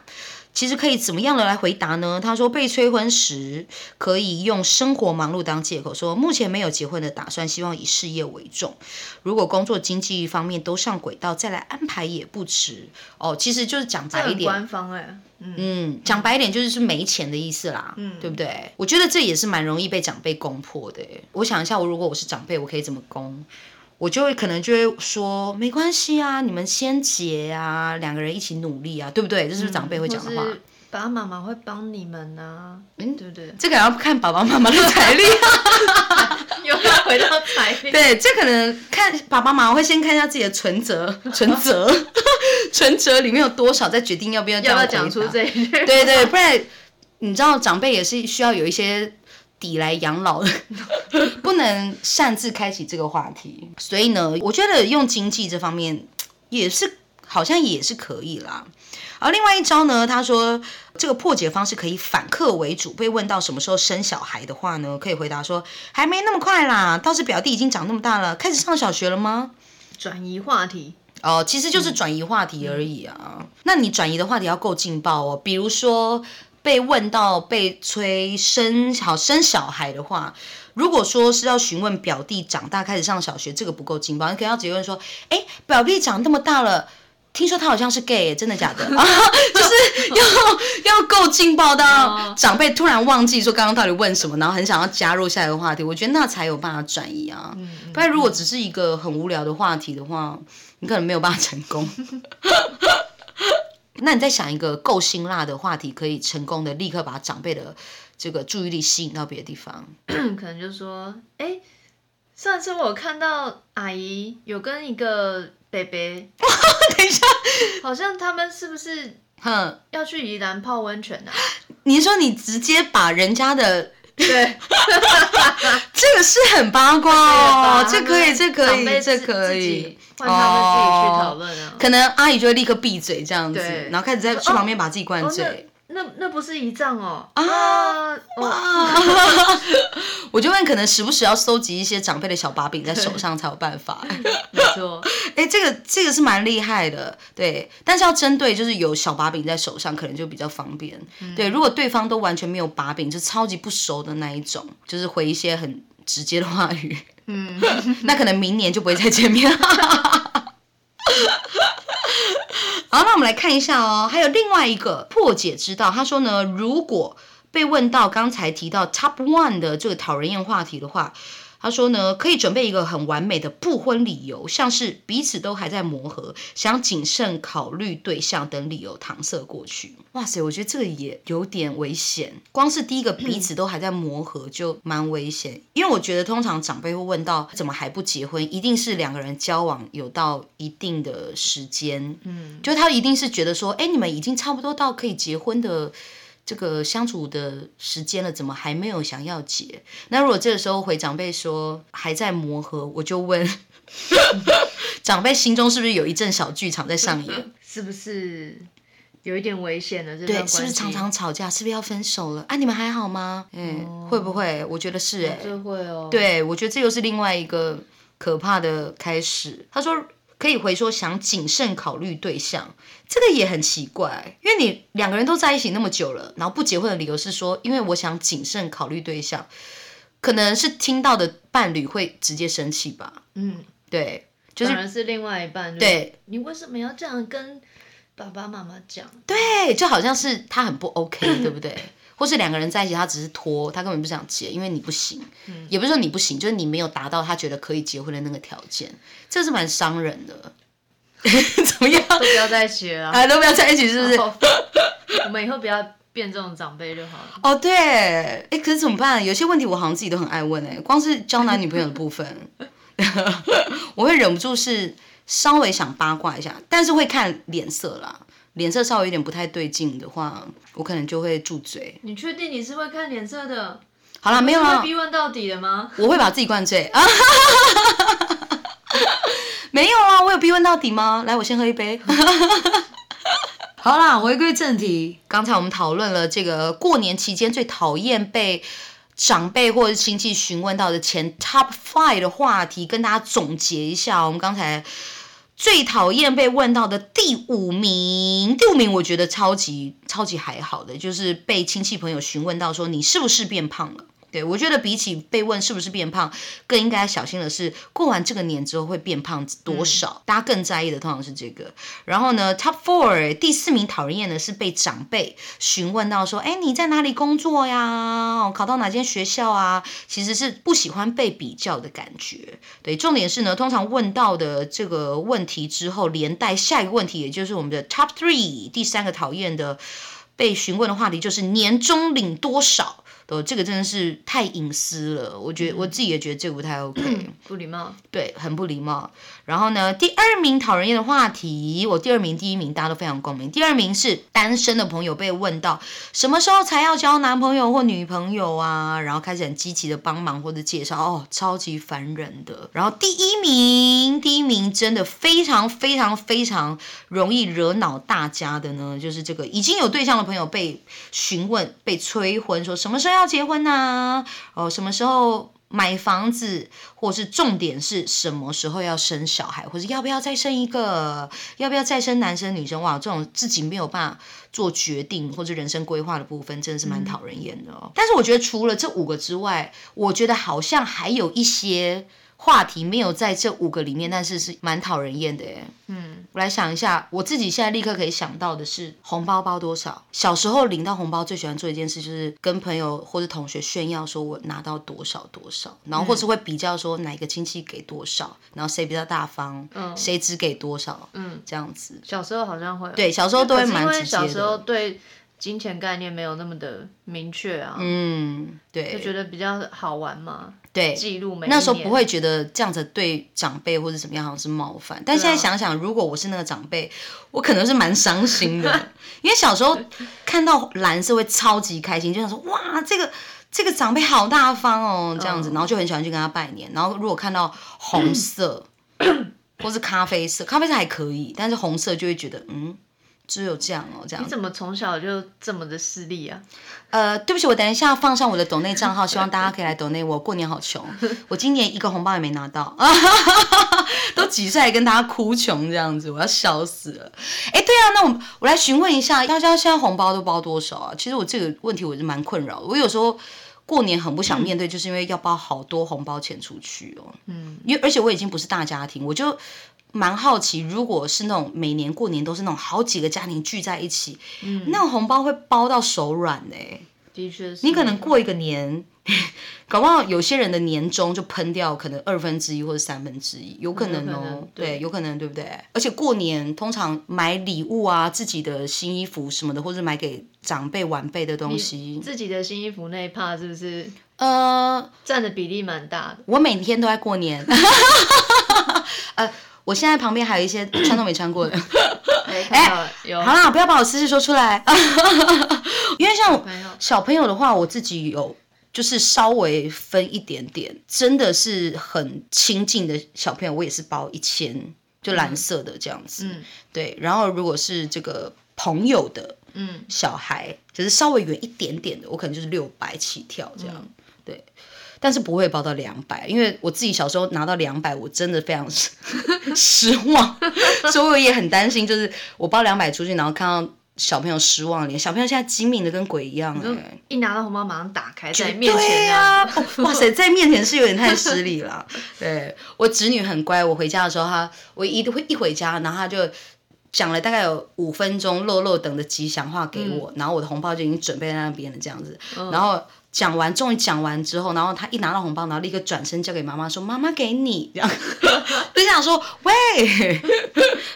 其實可以怎麼樣的來回答呢？他說被催婚時可以用生活忙碌當借口說，說目前沒有結婚的打算，希望以事業為重。如果工作經濟方面都上軌道，再來安排也不遲。哦，其實就是講白一點，官方、欸、嗯，嗯，講白一點就是是沒錢的意思啦、嗯，對不對？我覺得這也是蠻容易被長輩攻破的、欸。我想一下，我如果我是長輩，我可以怎麼攻？我就會可能就會說，沒關係啊，你們先結啊，兩個人一起努力啊，對不對？嗯、這是長輩會講的話。是爸爸媽媽會幫你們啊，嗯、欸，對不對？這個要看爸爸媽媽的財力、啊。 有沒有回到財力？對，這可能看爸爸媽媽會先看一下自己的存折，存折，存折裡面有多少，再決定要不要要不要講出這一句。對，對對，不然你知道，長輩也是需要有一些。抵來養老，不能擅自開啟這個話題。所以呢，我覺得用經濟這方面也是，好像也是可以啦。而另外一招呢，他說這個破解方式可以反客為主。被問到什麼時候生小孩的話呢，可以回答說還沒那麼快啦。倒是表弟已經長那麼大了，開始上小學了嗎？轉移話題哦，其實就是轉移話題而已啊、嗯。那你轉移的話題要夠勁爆哦，比如說。被問到被催生好生小孩的話，如果說是要詢問表弟長大開始上小學，這個不夠勁爆。你可能要直接問說：“哎、欸，表弟長那麼大了，聽說他好像是 gay，真的假的？” 啊、就是要 要夠勁爆到，長輩突然忘記說剛剛到底問什麼，然後很想要加入下一個話題，我覺得那才有辦法轉移啊。不然如果只是一個很無聊的話題的話，你可能沒有辦法成功。 那你再想一個夠辛辣的話題，可以成功的立刻把長輩的這個注意力吸引到別的地方 ？可能就說，哎、欸，上次我有看到阿姨有跟一個伯伯，哇，等一下，好像他們是不是，要去宜蘭泡溫泉呢、啊？ 你說你直接把人家的。對 這個是很八卦哦，這可以，這可以，這可以，讓他，他，他們自己去討論啊、哦。可能阿姨就會立刻閉嘴這樣子，然後開始再去旁邊把自己灌醉。哦哦。那那不是遺仗哦啊，哇！我就問，可能時不時要搜集一些長輩的小把柄在手上才有辦法。沒錯，哎，這個這個是蠻厲害的，對。但是要針對就是有小把柄在手上，可能就比較方便，嗯。對，如果對方都完全沒有把柄，就超級不熟的那一種，就是回一些很直接的話語。嗯， 那可能明年就不會再見面。 好，那我們來看一下哦。還有另外一個破解之道，他說呢，如果被問到剛才提到 top one 的這個討人厭話題的話。他說呢，可以準備一個很完美的不婚理由，像是彼此都還在磨合，想謹慎考慮對象等理由搪塞過去。哇塞，我覺得這個也有點危險。光是第一個彼此都還在磨合、嗯、就蠻危險，因為我覺得通常長輩會問到怎麼還不結婚，一定是兩個人交往有到一定的時間，嗯，就他一定是覺得說，哎，你們已經差不多到可以結婚的。這個相處的時間了，怎麼還沒有想要結？那如果這個時候回長輩說還在磨合，我就問 長輩心中是不是有一陣小劇場在上演？ 是不是有一點危險了這段關係？對，是不是常常吵架？ 是不是要分手了？啊，你們還好嗎？嗯、欸哦，會不會？我覺得是、欸，會哦。對，我覺得這又是另外一個可怕的開始。他說。可以回說想謹慎考慮對象，這個也很奇怪，因為你兩個人都在一起那麼久了，然後不結婚的理由是說，因為我想謹慎考慮對象，可能是聽到的伴侶會直接生氣吧。嗯，對，就是反而是另外一半、就是，對，你為什麼要這樣跟爸爸媽媽講？對，就好像是他很不 OK， 對不對？或是兩個人在一起，他只是拖，他根本不想結，因為你不行，嗯、也不是說你不行，就是你沒有達到他覺得可以結婚的那個條件，這是蠻傷人的。 怎麼樣？都不要在一起了啊，啊，都不要在一起，是不是、哦？我們以後不要變這種長輩就好了。哦，對，哎、欸，可是怎麼辦？有些問題我好像自己都很愛問哎、欸，光是交男女朋友的部分， 我會忍不住是稍微想八卦一下，但是會看臉色啦。臉色稍微有點不太對勁的話，我可能就會住嘴。你確定你是會看臉色的？好啦，沒有啊。逼問到底了嗎？我會把自己灌醉啊！ 沒有啊，我有逼問到底嗎？來，我先喝一杯。 好啦，回歸正題，剛才我們討論了這個過年期間最討厭被長輩或者親戚詢問到的前 top five 的話題，跟大家總結一下。我們剛才。最討厭被問到的第五名，第五名我覺得超級超級還好的，就是被親戚朋友詢問到說你是不是變胖了。對，我覺得比起被問是不是變胖，更應該小心的是過完這個年之後會變胖多少。嗯。大家更在意的通常是這個。然後呢，Top Four 第四名討厭的是被長輩詢問到說：“哎，你在哪裡工作呀？考到哪間學校啊？”其實是不喜歡被比較的感覺。對，重點是呢，通常問到的這個問題之後，連帶下一個問題，也就是我們的 Top Three 第三個討厭的被詢問的話題，就是年終領多少。哦，這個真的是太隱私了，我覺得我自己也覺得這個不太 OK，不禮貌，對，很不禮貌。然後呢，第二名討人厭的話題，我第二名、第一名大家都非常共鳴。第二名是單身的朋友被問到什麼時候才要交男朋友或女朋友啊，然後開始很積極的幫忙或者介紹，哦，超級煩人的。然後第一名，第一名真的非常非常非常容易惹惱大家的呢，就是這個已經有對象的朋友被詢問、被催婚，說什麼時候要。要結婚啊哦，什麼時候買房子，或是重點是什麼時候要生小孩，或是要不要再生一個，要不要再生男生女生？哇，這種自己沒有辦法做決定或者人生規劃的部分，真的是蠻討人厭的哦。嗯。但是我覺得除了這五個之外，我覺得好像還有一些。話題沒有在這五個裡面，但是是蠻討人厭的耶。嗯，我來想一下，我自己現在立刻可以想到的是紅包包多少？小時候領到紅包，最喜歡做一件事就是跟朋友或者同學炫耀，說我拿到多少多少，然後或是會比較說哪一個親戚給多少，嗯、然後誰比較大方，誰、嗯、只給多少，嗯，這樣子。小時候好像會，對，小時候都會蠻直接的。因為小時候對金錢概念沒有那麼的明確啊，嗯，對，就覺得比較好玩嘛，對，記錄。那時候不會覺得這樣子對長輩或者怎麼樣好像是冒犯，啊，但現在想想，如果我是那個長輩，我可能是蠻傷心的， 因為小時候看到藍色會超級開心，就想說哇，這個這個長輩好大方哦，這樣子，嗯，然後就很喜歡去跟他拜年。然後如果看到紅色 或是咖啡色，咖啡色還可以，但是紅色就會覺得嗯。只有這樣哦、喔，這樣。你怎麼從小就這麼的勢利啊？呃，對不起，我等一下放上我的抖內賬號，希望大家可以來抖內。 我過年好窮，我今年一個紅包也沒拿到， 都幾歲還跟大家哭窮這樣子，我要笑死了。哎、欸，對啊，那我我來詢問一下，大家現在紅包都包多少啊？其實我這個問題我是蠻困擾，我有時候過年很不想面對，就是因為要包好多紅包錢出去哦、喔。嗯，因為而且我已經不是大家庭，我就。蠻好奇，如果是那種每年過年都是那種好幾個家庭聚在一起，嗯、那種紅包會包到手軟嘞、欸。的確，是。你可能過一個年，嗯、搞不好有些人的年終就噴掉可能二分之一或者三分之一，有可能哦。對，有可能，對不對？而且過年通常買禮物啊，自己的新衣服什麼的，或是買給長輩晚輩的東西。自己的新衣服那一 part 是不是？呃，佔的比例蠻大的。我每天都在過年。 呃。我現在旁邊還有一些穿都沒穿過的，哎、 欸，好啦，不要把我私事說出來， 因為像小朋友的話，我自己有就是稍微分一點點，真的是很親近的小朋友，我也是包一千，就藍色的這樣子，嗯、對。然後如果是這個朋友的，嗯，小孩就是稍微遠一點點的，我可能就是六百起跳這樣。嗯但是不會包到兩百，因為我自己小時候拿到兩百，我真的非常失望， 所以我也很擔心，就是我包兩百出去，然後看到小朋友失望臉，小朋友現在精明的跟鬼一樣、欸、一拿到紅包馬上打開，在面前。對呀、啊，哇塞，在面前是有點太失禮了。 對，我侄女很乖，我回家的時候，她我一定會一回家，然後她就講了大概有五分鐘，落落等着吉祥話給我、嗯，然後我的紅包就已經準備在那邊了，這樣子，嗯、然後。講完，終於講完之後，然後他一拿到紅包，然後立刻轉身交給媽媽，說：“媽媽給你。”這樣，就 想說：“喂，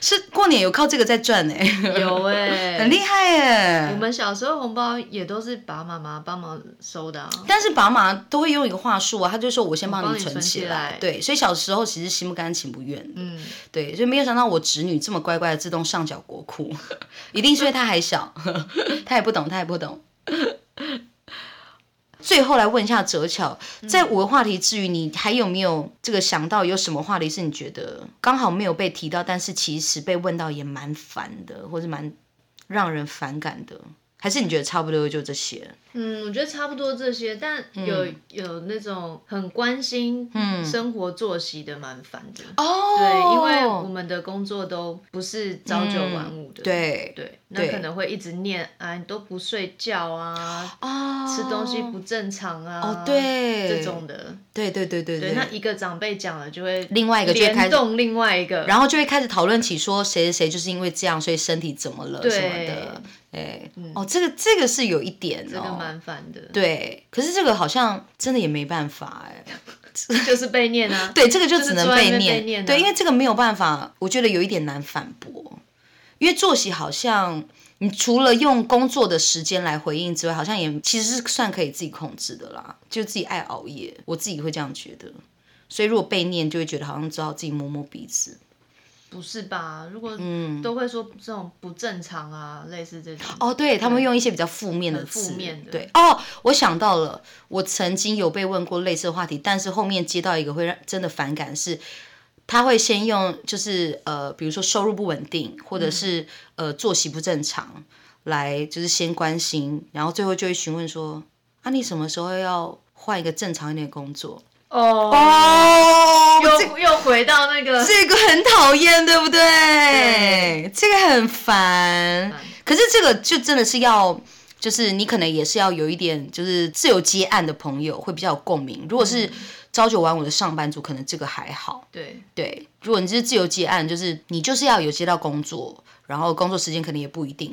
是過年有靠這個在賺呢？有哎、欸，很厲害哎。”我們小時候紅包也都是爸爸媽媽幫忙收的、啊，但是爸媽都會用一個話術啊，他就說我先幫你存，你存起來，對，所以小時候其實心不甘情不願，嗯，對，所以沒有想到我侄女這麼乖乖的自動上繳國庫，一定是因為他還小，他 也不懂，他也不懂。最後來問一下哲巧，在五個話題之餘，你還有沒有這個想到有什麼話題是你覺得剛好沒有被提到，但是其實被問到也蠻煩的，或是蠻讓人反感的？還是你覺得差不多就這些？嗯，我覺得差不多這些，但有、嗯、有那種很關心生活作息的，蠻煩的。哦、嗯，對哦，因為我們的工作都不是朝九晚五的。嗯、對對，那可能會一直念啊，你都不睡覺啊、哦，吃東西不正常啊。哦，對，這種的。對對對對對、對、對。那一個長輩講了，就會另外一個聯動另外一個，然後就會開始討論起說誰誰誰就是因為這樣，所以身體怎麼了什麼的。對。哎、欸嗯，哦，這個這個是有一點的、哦這個的，對。可是這個好像真的也沒辦法哎、欸， 就是被念啊。對，這個就只能被念，就是被念啊。對，因為這個沒有辦法，我覺得有一點難反駁。因為作息好像，你除了用工作的時間來回應之外，好像也其實是算可以自己控制的啦。就自己愛熬夜，我自己會這樣覺得。所以如果被念，就會覺得好像只好自己摸摸鼻子。不是吧？如果嗯都會說這種不正常啊，嗯、類似這種哦，對，對他們用一些比較負面的詞，負、呃、面的對哦。我想到了，我曾經有被問過類似的話題，但是後面接到一個會讓真的反感是，是他會先用就是呃，比如說收入不穩定，或者是、嗯、呃作息不正常來就是先關心，然後最後就會詢問說啊，你什麼時候要換一個正常一點的工作？哦、oh, oh，又又回到那個這個很討厭，對不對？對對這個很煩，很煩，可是這個就真的是要，就是你可能也是要有一點，就是自由接案的朋友會比較有共鳴。如果是朝九晚五的上班族，可能這個還好。對對。如果你是自由接案，就是你就是要有接到工作，然後工作時間可能也不一定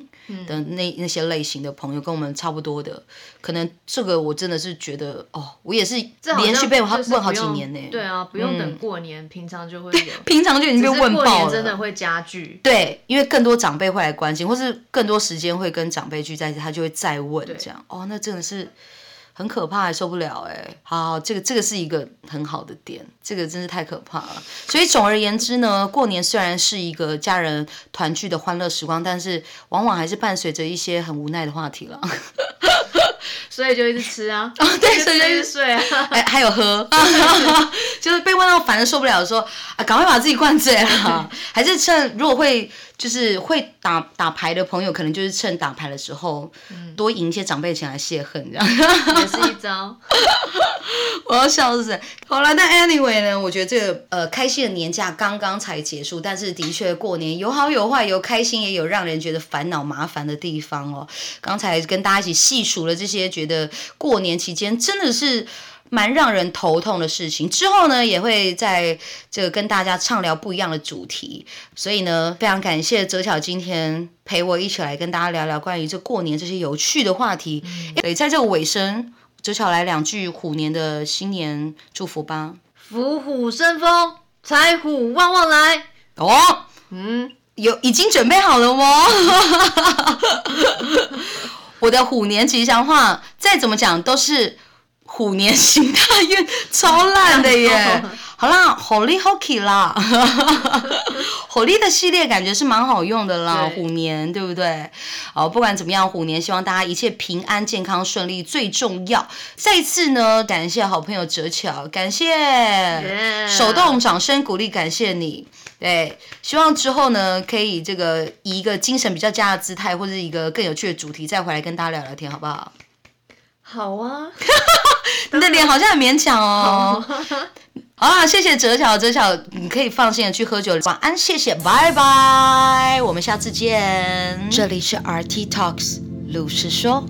的，嗯、那那些類型的朋友跟我們差不多的，可能這個我真的是覺得哦，我也是連續被他問好幾年呢、欸。對啊，不用等過年，嗯、平常就會有平常就已經被問爆了。過年真的會加劇。對，因為更多長輩會來關心，或是更多時間會跟長輩聚在一起，他就會再問這樣。哦，那真的是。很可怕，還受不了哎、欸！好，好，這個這個是一個很好的點，這個真是太可怕了。所以總而言之呢，過年雖然是一個家人團聚的歡樂時光，但是往往還是伴隨着一些很無奈的話題了。 所以就一直吃啊，哦對，所以就一直睡啊，哎還有喝， 就是被問到煩的受不了，說啊趕快把自己灌醉啊，還是趁如果會就是會打打牌的朋友，可能就是趁打牌的時候、嗯、多贏一些長輩錢來泄恨這樣，也是一招， 我要笑死，好了，那 anyway 呢？我覺得這個呃開心的年假剛剛才結束，但是的確過年有好有壞，有開心也有讓人覺得煩惱麻煩的地方哦。剛才跟大家一起細數了這。些覺得過年期間真的是蠻讓人頭痛的事情，之後呢也會在這個跟大家暢聊不一樣的主題，所以呢非常感謝哲巧今天陪我一起來跟大家聊聊關於這過年這些有趣的話題。也、嗯、在這個尾聲，哲巧來兩句虎年的新年祝福吧：虎虎生風，財虎旺旺來。哦，嗯，有已經準備好了嗎？ 我的虎年吉祥話，再怎麼講都是虎年行大運，超爛的耶！好啦火力 hockey 啦，火 力的系列感覺是蠻好用的啦。虎年對不對？哦，不管怎麼樣，虎年希望大家一切平安、健康、順利最重要。再一次呢，感謝好朋友哲巧，感謝、yeah. 手動掌聲鼓勵，感謝你。對，希望之後呢，可以這個以一個精神比較佳的姿態，或者是一個更有趣的主題，再回來跟大家聊聊天，好不好？好啊，你 的臉好像很勉強哦。好啊，啊，謝謝哲巧，哲巧，你可以放心的去喝酒。晚安，謝謝，拜拜，我們下次見。這裡是 RT Talks，露是說。